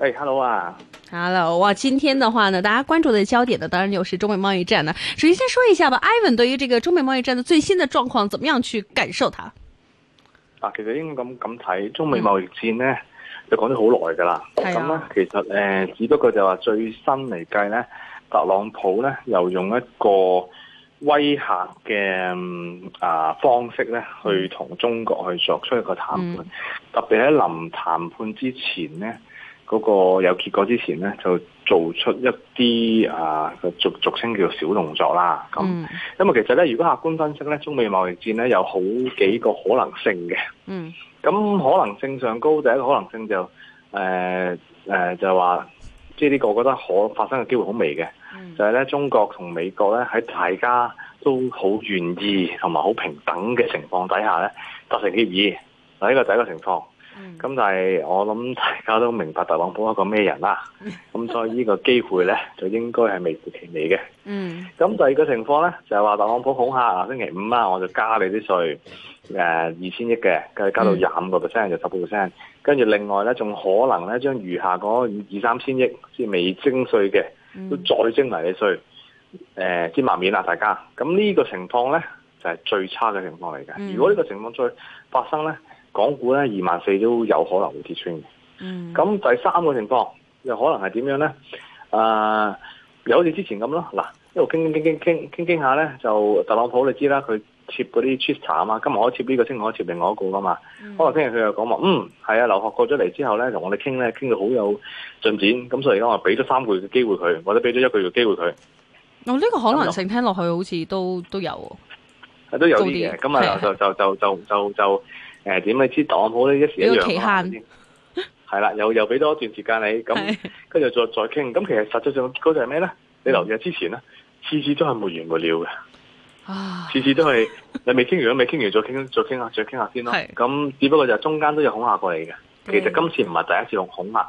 h、hey，hello 啊，hello！哇，今天的話呢，大家關注的焦點呢，當然就是中美貿易戰啦。首先先說一下吧，Ivan 對於這個中美貿易戰的最新的狀況，怎麼樣去感受它？啊，其實應該咁咁睇中美貿易戰呢，嗯、就講咗好耐噶啦。咁、哎、呀呢，其實誒，只不過就話最新嚟計呢，特朗普呢又用一個威嚇嘅啊、呃、方式呢去同中國去作出一個談判，嗯、特別喺臨談判之前呢。嗰個有結果之前咧，就做出一啲啊，俗俗稱叫做小動作啦。咁，mm. 因為其實咧，如果客觀分析咧，中美貿易戰咧有好幾個可能性嘅。嗯。咁可能性上高，第一個可能性就誒、呃呃、就係話，即係呢個我覺得可發生嘅機會好微嘅。Mm. 就係咧，中國同美國咧喺大家都好願意同埋好平等嘅情況底下咧達成協議，嗱呢個第一個情況。咁但係我諗大家都明白特朗普係個咩人啦，咁 所以呢個機會咧就應該係微乎其微嘅。嗯，咁第二個情況咧就係話特朗普恐嚇啊，星期五啊，我就加你啲稅，誒二千億嘅，佢加到廿五個 percent，就十個 percent，跟住另外咧仲可能咧將餘下嗰二三千億即係未徵稅嘅，都再徵埋你稅，誒芝麻面啦大家。咁呢個情況咧就係、是、最差嘅情況嚟嘅。嗯、如果呢個情況再發生咧，港股咧二萬四都有可能會跌穿嘅。嗯。咁第三個情況又可能係點樣咧？誒、呃，又好似之前咁咯。嗱，一路傾傾傾傾傾傾傾下咧，就特朗普你知啦，佢貼嗰啲 Twitter 啊嘛，今日可以貼呢個，聽日可以貼另外一個噶嘛嗯、可能聽日佢又講話，嗯，係啊，劉鶴過咗嚟之後咧，同我哋傾咧，傾到好有進展。咁所以而家我俾咗三個月嘅機會佢，或者俾咗一個月嘅機會佢。哦，呢、這個可能性聽落去好似都都有。係都有啲嘢。咁啊，就就就就就就。就就就 誒，點你知檔好咧？一時一樣啦，係啦，又又俾多一段時間你，咁跟住再再傾，咁其實實際上個結果就係咩咧？你留意之前咧，次次都係沒完沒了嘅，啊，次次都係你未傾完未傾完再傾，再傾下再傾下先咯。咁是只不過就中間都有恐嚇過嚟，嘅，的其實今次唔係第一次用恐嚇誒、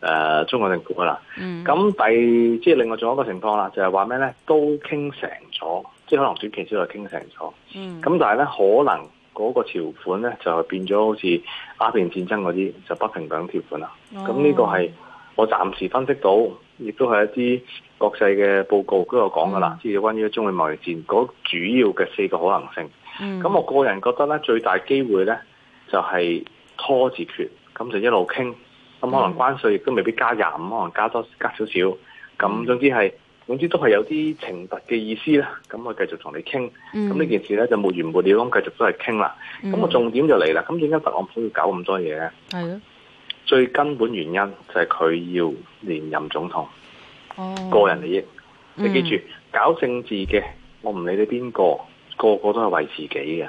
呃，中國政府噶啦。咁、嗯、第即係另外仲有一個情況啦，就係話咩咧？都傾成咗，即係可能短期之內傾成咗。咁、嗯、但係咧可能。嗰個條款咧就係變咗好似鴉片戰爭嗰啲就不平等條款啦。咁呢、oh. 個係我暫時分析到，亦都係一啲國際嘅報告都有講噶啦，即係、mm. 關於中美貿易戰嗰、那個、主要嘅四個可能性。咁、mm. 我個人覺得咧，最大機會咧就係、是、拖字決，咁就一路傾，咁可能關稅亦都未必加廿五，可能加多加少少，咁總之係。總之都係有啲懲罰嘅意思啦，咁我繼續同你傾，咁呢、嗯、件事咧就沒完沒了，咁繼續都係傾啦，咁、嗯、個重點就嚟啦。咁點解特朗普要搞咁多嘢咧？係咯，最根本原因就係佢要連任總統，哦、個人利益，嗯、你記住，搞政治嘅我唔理你邊個，個個都係為自己嘅。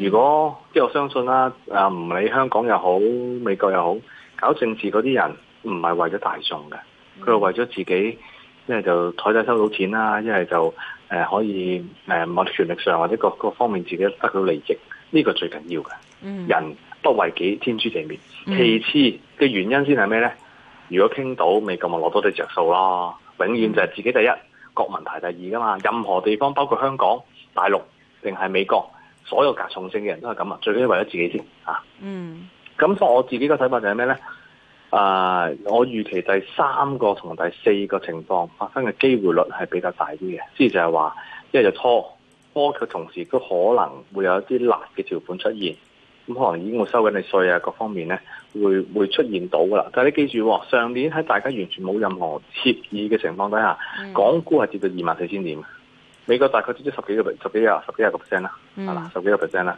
如果即係、嗯、我相信啦，誒唔理香港又好，美國又好，搞政治嗰啲人唔係為咗大眾嘅，佢係為咗自己。一係就枱底收到錢啦，一係就誒、呃、可以誒，某啲、呃、權力上或者各各方面自己得到利益，呢、這個最緊要嘅。嗯，人不為己，天誅地滅。其次嘅原因先係咩咧？如果傾到，美國咪攞多啲着數咯。永遠就係自己第一，國民排第二㗎嘛。任何地方，包括香港、大陸，定係美國，所有格重性嘅人都係咁啊。最緊要為咗自己先啊。嗯，咁所以我自己嘅睇法就係咩咧？啊！Uh, 我預期第三個同第四個情況發生嘅機會率係比較大啲嘅，即係就係、是、話，一係就拖拖嘅同時，都可能會有一啲辣嘅條款出現，咁可能已經會收緊你稅啊，各方面咧會會出現到噶啦。但係你記住喎、哦，上年喺大家完全冇任何協議嘅情況底下，mm. 港股係跌到二萬四千點，美國大概跌咗十幾個 percent，十幾啊十幾啊個 percent 啦，係啦，十幾個 percent 啦。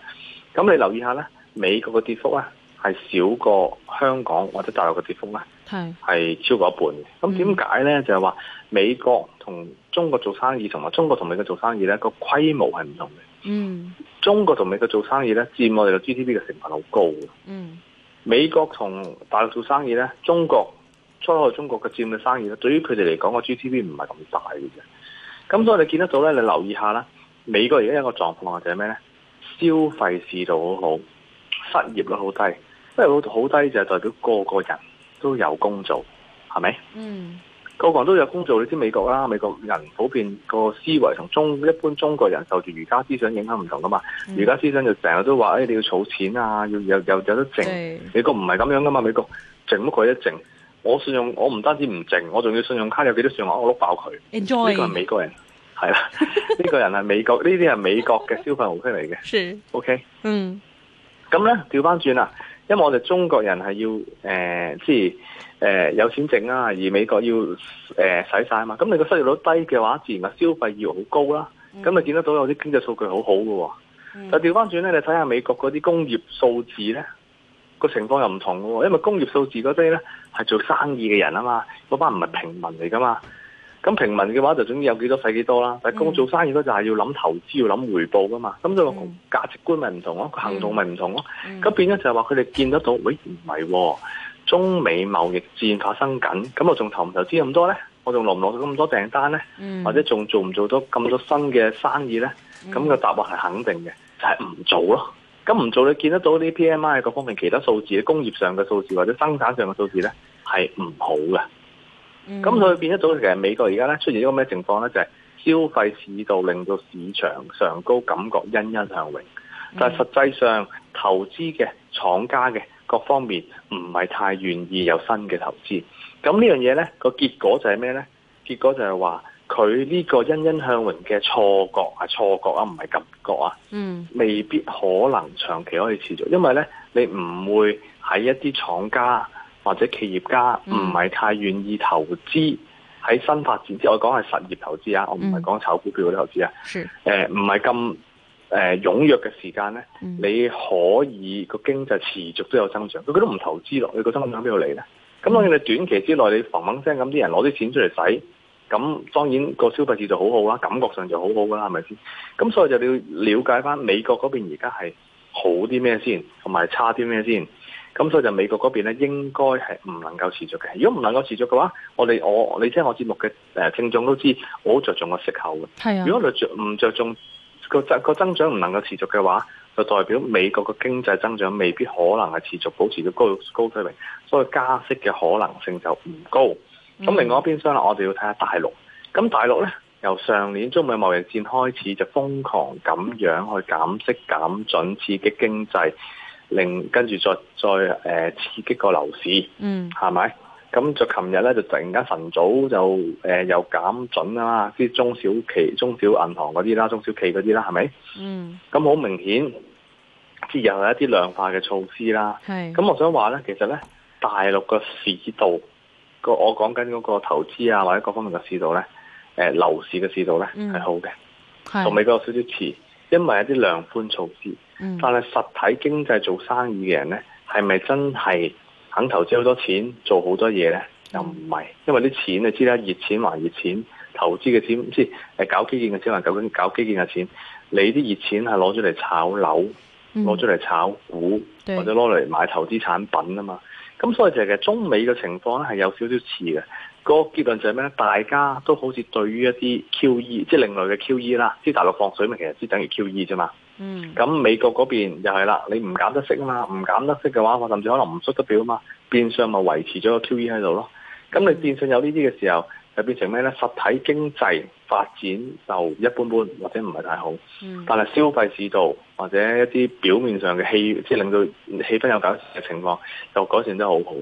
咁、mm. 嗯、你留意下咧，美國嘅跌幅啊！係少過香港或者大陸嘅跌幅咧，係係是超過一半嘅。咁點解咧？嗯、就係話美國同中國做生意，同埋中國同美國做生意咧，個規模係唔同嘅。嗯，中國同美國做生意咧，佔我哋嘅 GDP 嘅成分好高嘅。嗯，美國同大陸做生意咧，中國出去中國嘅佔嘅生意咧，對於佢哋嚟講個 GDP 唔係咁大嘅。咁所以你見得到咧，你留意下啦，美國而家有個狀況就係咩咧？消費市道好好，失業率好低。即係好好低就係、是、代表個個人都有工做，係咪？嗯，個個人都有工作、嗯、有工作，你知美國啦，美國人普遍個思維同中一般中國人受住儒家思想影響唔同噶嘛，儒家、嗯、思想就成日都話誒、哎、你要儲錢啊，要又又有，有得剩，對美國唔係咁樣噶嘛，美國剩乜鬼都剩，我信用我唔單止唔剩，我仲要信用卡有幾多信用我碌爆佢。Enjoy 呢受個係美國人，係啦， 呢、這個人係美國，呢啲係美國嘅消費模式嚟嘅。是，OK，嗯，咁咧調翻轉啦。因為我哋中國人係要誒，即係誒有錢剩啊，而美國要誒使晒啊嘛。咁你個失業率低嘅話，自然個消費要好高啦。咁你、mm. 見得到有啲經濟數據好好㗎喎。但掉返轉咧，你睇下美國嗰啲工業數字咧，個情況又唔同嘅喎、啊。因為工業數字嗰啲咧係做生意嘅人啊嘛，嗰班唔係平民嚟㗎嘛。咁平民嘅話就總之有幾多使幾多啦，但係工做生意都就係要諗投資、嗯、要諗回報噶嘛，咁就價值觀咪唔同咯，行動咪唔同咯。咁、嗯、變咗就係話佢哋見得到，喂唔係，中美貿易戰發生緊，咁我仲投唔投資咁多咧？我仲落唔落到咁多訂單咧？嗯、或者仲做唔做到咁多新嘅生意咧？咁、個答案係肯定嘅，就係、是、唔做咯。咁唔做，你見得到啲 P M I 各方面其他數字、工業上嘅數字或者生產上嘅數字咧，係唔好嘅。咁佢、嗯、變得到其實美國而家咧出現一個咩情況咧？就係、是、消費市道令到市場上高，感覺欣欣向榮，嗯、但係實際上投資嘅廠家嘅各方面唔係太願意有新嘅投資。咁呢樣嘢咧個結果就係咩咧？結果就係話佢呢個欣欣向榮嘅錯覺啊，錯覺啊，唔係感覺啊，嗯，未必可能長期可以持續，因為咧你唔會喺一啲廠家。或者企業家唔係太願意投資喺新發展，即係、嗯、我講係實業投資啊，我唔係講炒股票嗰啲投資啊。唔係咁誒踴躍嘅時間咧，你可以個經濟持續都有增長。佢佢都唔投資落，你個增長響邊度嚟咧？咁當然你短期之內你嗡嗡聲咁啲人攞啲錢出嚟使，咁當然個消費者就好好啦，感覺上就好好噶啦，係咪先？咁所以就要了解翻美國嗰邊而家係好啲咩先，同埋差啲咩先。咁所以就美國嗰邊咧，應該係唔能夠持續嘅。如果唔能夠持續嘅話，我哋我你聽我節目嘅誒聽眾都知，我好著重個息口嘅。係啊。如果你著唔著重、嗰個增增長唔能夠持續嘅話，就代表美國個經濟增長未必可能係持續保持到高高水平，所以加息嘅可能性就唔高。咁、嗯、另外一邊廂啦，我哋要睇下大陸。咁大陸咧，由上年中美貿易戰開始就瘋狂咁樣去減息減準刺激經濟。另跟住再再誒、呃、刺激個樓市，嗯，係咪？咁就琴日咧就突然間晨早就誒、呃、又減準啦，啲、就是、中小企、中小銀行嗰啲啦、中小企嗰啲啦，係咪？嗯，咁好明顯，即又係一啲量化嘅措施啦。係是，咁我想話咧，其實咧大陸個市道個我講緊嗰個投資啊或者各方面嘅市道咧，誒、呃、樓市嘅市道咧係、嗯、好嘅，同是美國有少少似，因為一啲量寬措施。嗯、但係實體經濟做生意嘅人咧，係咪真係肯投資好多錢做好多嘢咧？又唔係，因為啲錢你知啦，熱錢還熱錢，投資嘅錢即係誒搞基建嘅錢還究竟搞基建嘅錢，你啲熱錢係攞出嚟炒樓，攞出嚟炒股，嗯、或者攞嚟買投資產品啊嘛。咁所以就係嘅中美嘅情況咧，係有少少似嘅。個結論就係咩咧？大家都好似對於一啲 QE，即係另類嘅 QE 啦，即係大陸放水，咪其實即等於 QE 啫嘛。嗯，咁美國嗰邊又係啦，你唔減得息啊嘛，唔減得息嘅話，我甚至可能唔縮得表啊嘛，變相咪維持咗個 QE 喺度咯。咁你變相有呢啲嘅時候，就變成咩呢？實體經濟發展就一般般或、嗯，或者唔係太好。但係消費市道或者一啲表面上嘅氣，即、就、係、是、令到氣氛有改善嘅情況，就改善得好好。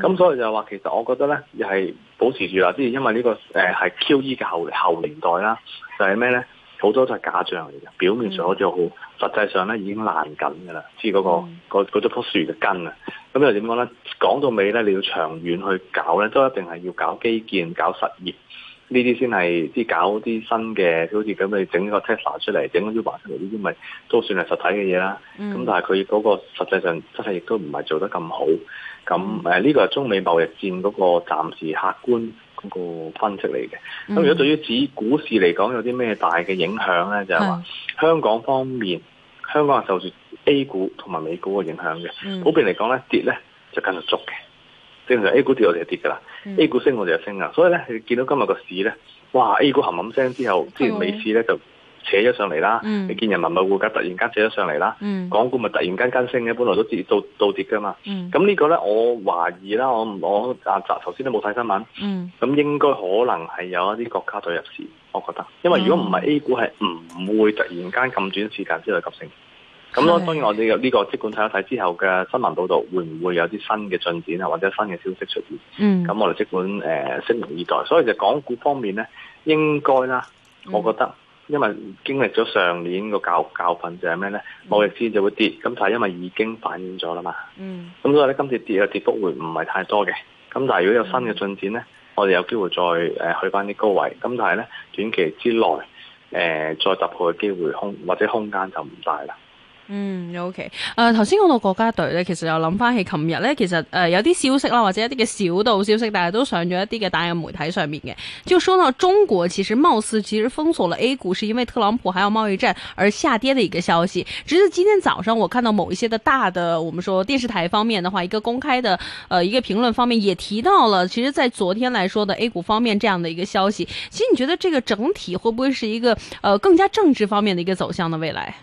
咁所以就話其實我覺得呢，又係保持住啦，即係因為呢個誒係 QE 嘅後後年代啦，就係、是、咩呢？好多都係假象嚟嘅，表面上好似好，實際上咧已經爛緊嘅啦。知嗰、mm. 嗰個嗰啲棵樹嘅根啊，咁又點講咧？講到尾咧，你要長遠去搞咧，都一定係要搞基建、搞實業呢啲先係，即係搞啲新嘅，好似咁你整個 Tesla 出嚟，整個 Uber 出嚟，呢啲咪都算係實體嘅嘢啦。咁、mm. 但係佢嗰個實際上真係亦都唔係做得咁好。咁呢、呃呢個係中美貿易戰嗰個暫時客觀。個分析嚟嘅，咁如果對於指股市嚟講有啲咩大嘅影響咧，就係、是、話香港方面，香港係受住 A 股同埋美股嘅影響嘅，嗯、普遍嚟講咧跌咧就跟住足嘅，正常 A 股跌我哋就跌噶啦、嗯、，A 股升我哋就升啦，所以咧你見到今日個市咧，哇 A 股冚冚聲之後，即係美市咧就。Okay. 扯咗上嚟啦，嗯、你見人民幣匯價突然間扯咗上嚟啦，嗯、港股咪突然間更升嘅，本來都跌到，到跌噶嘛。咁呢、嗯、個呢，我懷疑啦，我我阿澤頭先都冇睇新聞，咁、嗯、應該可能係有一啲國家隊入市，我覺得，因為如果唔係 A 股係唔會突然間咁短時間之內急升。咁我、嗯、當然我哋呢、呢個即管睇一睇之後嘅新聞報導，會唔會有啲新嘅進展啊，或者新嘅消息出現？咁、嗯、我哋即管誒，拭目以待。所以就港股方面呢，應該啦，嗯、我覺得。因為經歷咗上年個教教訓就係咩咧，我哋子就會跌。咁但係因為已經反映咗啦嘛，咁、嗯、所以咧今次跌嘅跌幅會唔係太多嘅，咁但係如果有新嘅進展咧，我哋有機會再、呃、去翻啲高位，咁但係咧短期之內、呃、再突破嘅機會空或者空間就唔大啦。嗯，OK。呃，頭先講到國家隊呢，其實又諗翻起琴日呢，其實呃有啲消息啦，或者一啲嘅小道消息，大家都上咗一啲嘅大嘅媒體上面嘅。就說到中國其實貌似其實封鎖了 A 股，是因為特朗普還有貿易戰而下跌的一個消息。直至今天早上，我看到某一些的大的，我們說電視台方面的話，一個公開的，呃一個評論方面也提到了，其實，在昨天來說的 A 股方面這樣的一個消息。其實你覺得這個整體會不會是一個，呃更加政治方面的一個走向的未來？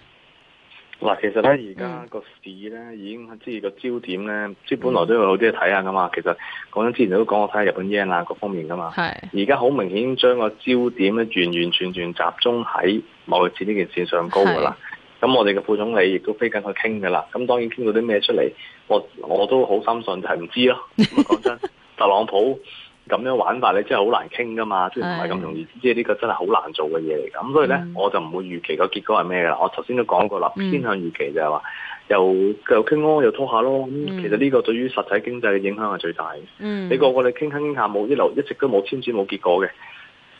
嗱，其實咧，而家個市咧已經即係個焦點咧，即、嗯、本來都有好多嘢睇下噶嘛。其實講真，之前都講過睇下日本 yen 啊，各方面噶嘛。係是。而家好明顯將個焦點咧，完完全全集中喺貿易戰呢件事上高噶啦。咁是我哋嘅副總理亦都飛緊去傾噶啦。咁當然傾到啲咩出嚟，我我都好深信就係唔知咯。講真， 特朗普。咁樣玩法呢真係好難傾噶嘛，即係唔係咁容易，的即係呢個真係好難做嘅嘢嚟㗎。咁所以呢，嗯、我就唔會預期個結果係咩㗎啦。我頭、嗯、先都講過啦，偏向預期就係話又又傾咯，又拖下咯。咁其實呢個對於實體經濟嘅影響係最大嘅。嗯、你個個你傾傾傾下，冇一流，一直都冇簽字，冇結果嘅，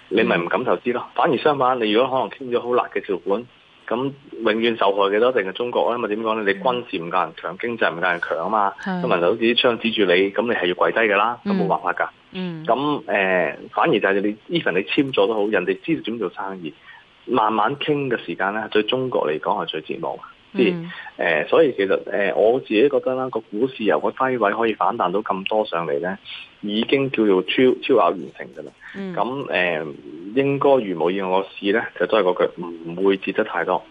你咪唔敢投資咯。嗯、反而相反，你如果可能傾咗好辣嘅條款。咁永遠受害嘅都一定係中國啊嘛？咪點講咧？你軍事唔夠人強，經濟唔夠人強啊嘛！人哋好似啲槍指住你，咁你係要跪低噶啦，咁冇辦法噶。咁、mm. mm. 呃、反而就係你 Ethan 你簽咗都好，人哋知道點做生意，慢慢傾嘅時間咧，對中國嚟講係最絕望。啲、mm. 呃、所以其實誒、呃，我自己覺得啦，個股市由個低位可以反彈到咁多上嚟咧，已經叫做超超額完成嘅啦。咁誒、mm. 呃，應該如無意外，個市咧，就都係嗰句唔會跌得太多，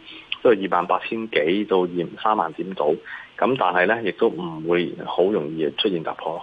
都係二萬八千幾到二三萬點度。咁但係咧，亦都唔會好容易出現突破。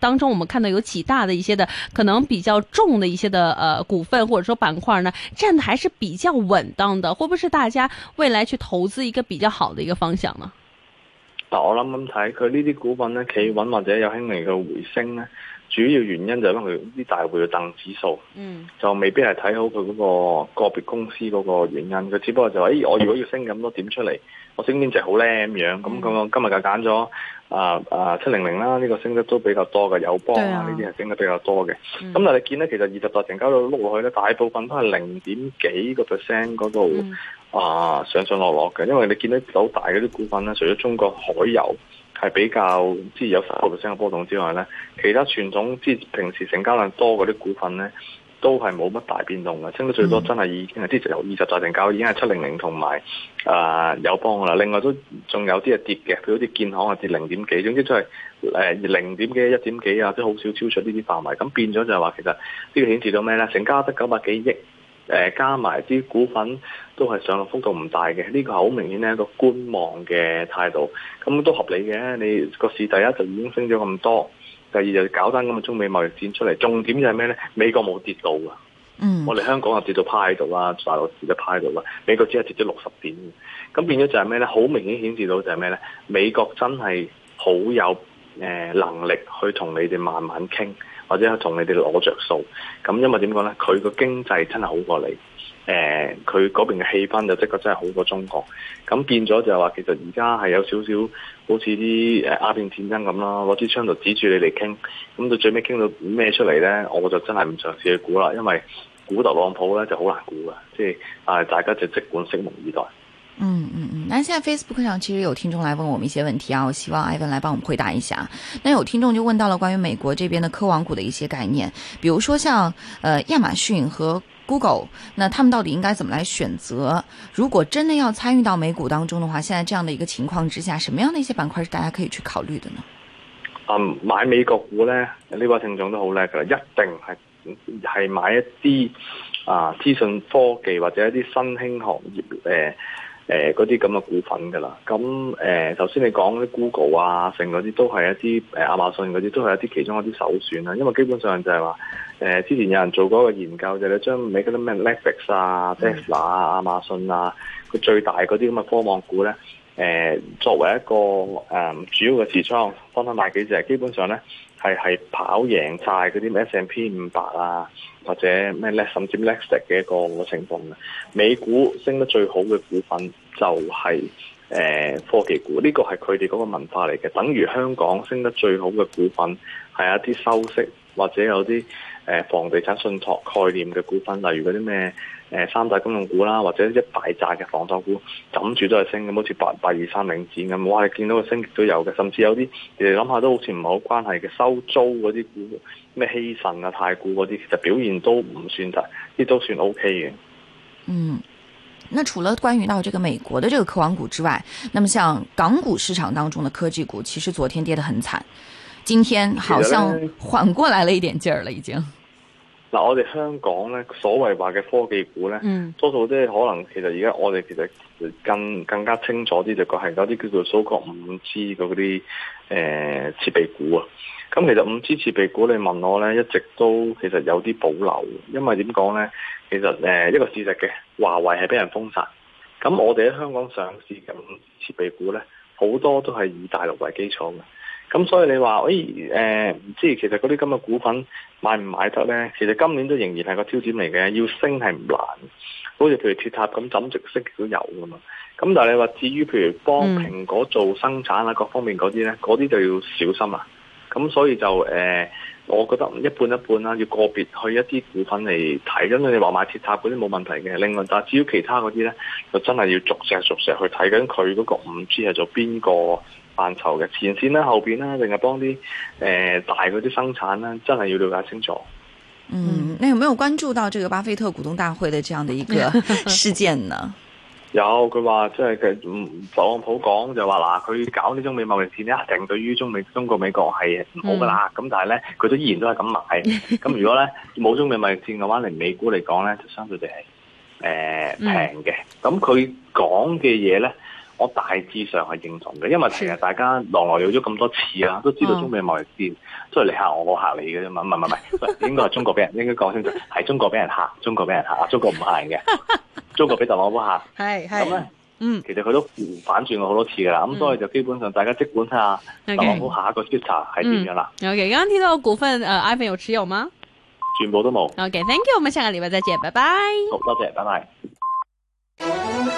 當中，我們看到有幾大的一些的可能比較重的一些的呃股份，或者說板塊呢，站的還是比較穩當的，會不會是大家未來去投資一個比較好的一個方向呢？嗱，我諗諗睇，佢呢啲股份呢，企穩或者有輕微嘅回升呢。主要原因就係因為啲大會嘅等指數，嗯，就未必係睇好佢嗰個個別公司嗰個原因，佢只不過就誒、哎，我如果要升咁多點出嚟，我升邊隻好咧咁、嗯、樣，咁咁今日就揀咗啊啊七零零啦，呢、這個升得都比較多嘅，友邦啊呢啲係升得比較多嘅，咁、嗯嗯、但係你見咧，其實二十大成交率碌落去咧，大部分都係零點幾個 percent 嗰度啊上上落落嘅，因為你見到好大嗰啲股份咧，除咗中國海油，係比較即係有十個 percent 嘅波動之外咧，其他傳統即係平時成交量多嗰啲股份咧，都係冇乜大變動嘅，升得、嗯、最多真係已經係啲由二十大成交已經係七零零同埋有友邦啦，另外都仲有啲係跌嘅，譬如好似建行係跌零點幾，總之都係誒零點幾一點幾啊，都好少超出呢啲範圍，咁變咗就係話其實呢個顯示到咩咧？成交得九百幾億。誒，加埋啲股份都係上落幅度唔大嘅。呢、這個係好明顯一個觀望嘅態度，咁都合理嘅。你個市第一就已經升咗咁多，第二就搞單咁嘅中美貿易戰出嚟，重點就係咩呢？美國冇跌到啊，嗯，我哋香港又跌到派喺度啦，大陸跌到派喺度啦，美國只係跌咗六十點，咁變咗就係咩呢？好明顯顯示到就係咩呢？美國真係好有誒能力去同你哋慢慢傾。或者同你哋攞着數，咁因為點講呢？佢個經濟真係好過你，誒、呃，佢嗰邊嘅氣氛就即係真係好過中國。咁變咗就係話，其實而家係有少少好似啲誒鴉片戰爭咁啦，攞支槍度指住你哋傾。咁到最尾傾到咩出嚟呢？我就真係唔嘗試去估啦，因為估特朗普呢就好難估嘅，即係大家就即管拭目以待。嗯嗯嗯，那現在 Facebook 上其實有聽眾來問我們一些問題啊，我希望艾文來幫我們回答一下。那有聽眾就問到了關於美國這邊的科網股的一些概念，比如說像，呃，亞馬遜和 Google，那他們到底應該怎麼來選擇？如果真的要參與到美股當中的話，現在這樣的一個情況之下，什麼樣的一些板塊是大家可以去考慮的呢？嗯，買美國股呢，呢位聽眾都好叻噶啦，一定係係買一啲啊資訊科技或者一啲新興行業誒。呃誒嗰啲咁嘅股份㗎啦，咁誒頭先你講啲 Google 啊，成嗰啲都係一啲誒、呃、亞馬遜嗰啲都係一啲其中一啲首選啦，因為基本上就係話誒之前有人做過一個研究，就係你將你嗰啲咩 Netflix 啊、mm. Tesla 啊、亞馬遜啊，佢最大嗰啲咁嘅科網股咧，誒、呃、作為一個誒、呃、主要嘅持倉，幫佢買幾隻，基本上咧。係係跑贏晒嗰啲 S&P 五百啊，或者咩咧甚至 lexic 嘅一個情況。美股升得最好嘅股份就係、是、誒、呃、科技股，呢、這個係佢哋嗰個文化嚟嘅。等於香港升得最好嘅股份係一啲收息或者有啲誒、呃、房地產信託概念嘅股份，例如嗰啲咩。誒三大公用股啦，或者一大扎嘅房產股，枕住都係升咁，好似八八二三領展咁。我你見到個升也都有嘅，甚至有啲誒諗下都好似唔係好關係嘅收租嗰啲股，咩希慎啊、太古嗰啲，其實表現都唔算大，啲都算 O K 嘅。嗯，那除了關於到這個美國嘅這個科網股之外，那麼像港股市場當中嘅科技股，其實昨天跌得很慘，今天好像緩過來了一點勁了，已經。嗱，我哋香港咧，所謂話嘅科技股咧，嗯、多數即係可能其實而家我哋其實更更加清楚啲，就係嗰啲叫做數個 5G 嗰啲誒設備股啊。咁其實 5G 設備股你問我咧，一直都其實有啲保留，因為點講咧？其實誒、呃、一個事實嘅，華為係俾人封殺，咁我哋喺香港上市嘅設備股咧，好多都係以大陸為基礎嘅。咁所以你話，誒、欸，唔知其實嗰啲咁嘅股份買唔買得咧？其實今年都仍然係個挑戰嚟嘅，要升係唔難。好似譬如鐵塔咁枕直息都有噶嘛。咁但係你話至於譬如幫蘋果做生產啊各方面嗰啲咧，嗰啲就要小心啦、啊、咁所以就誒、呃，我覺得一半一半啦、啊，要個別去一啲股份嚟睇。因為你話買鐵塔嗰啲冇問題嘅，另外但係至於其他嗰啲咧，就真係要逐隻逐隻去睇緊佢嗰個 5G 係做邊個。範疇嘅前線啦、啊、後邊啦、啊，定係幫啲誒大嗰啲生產啦、啊，真係要了解清楚。嗯，你、嗯、有沒有關注到這個巴菲特股東大會的這樣的一個事件呢？ 有，佢話即係佢特朗普講就話嗱，佢、嗯、搞呢種美貿易戰一定對於中美、中國、美國係唔好噶啦。咁、嗯、但係咧，佢都依然都係咁買。咁如果咧冇中美貿易戰嘅話，嚟美股嚟講咧，就相對地係誒平嘅。咁佢講嘅嘢咧。我大致上係認同嘅，因為其實大家狼來了咗咁多次啊，都知道中美貿易戰，都係嚟吓我我吓你嘅啫嘛，唔係唔係唔係，應該係中國俾人，應該講清楚，係中國俾人吓，中國俾人吓，中國唔吓人嘅，中國俾特朗普吓，咁咧，嗯，其實佢都反轉過好多次噶，咁所以就基本上大家即管睇下特朗普下一個決策係點樣啦。OK，剛剛聽到股份，誒，iPhone 有持有嗎？全部都冇。OK，thank you，我們下個禮拜再見，拜拜。好，多謝，拜拜。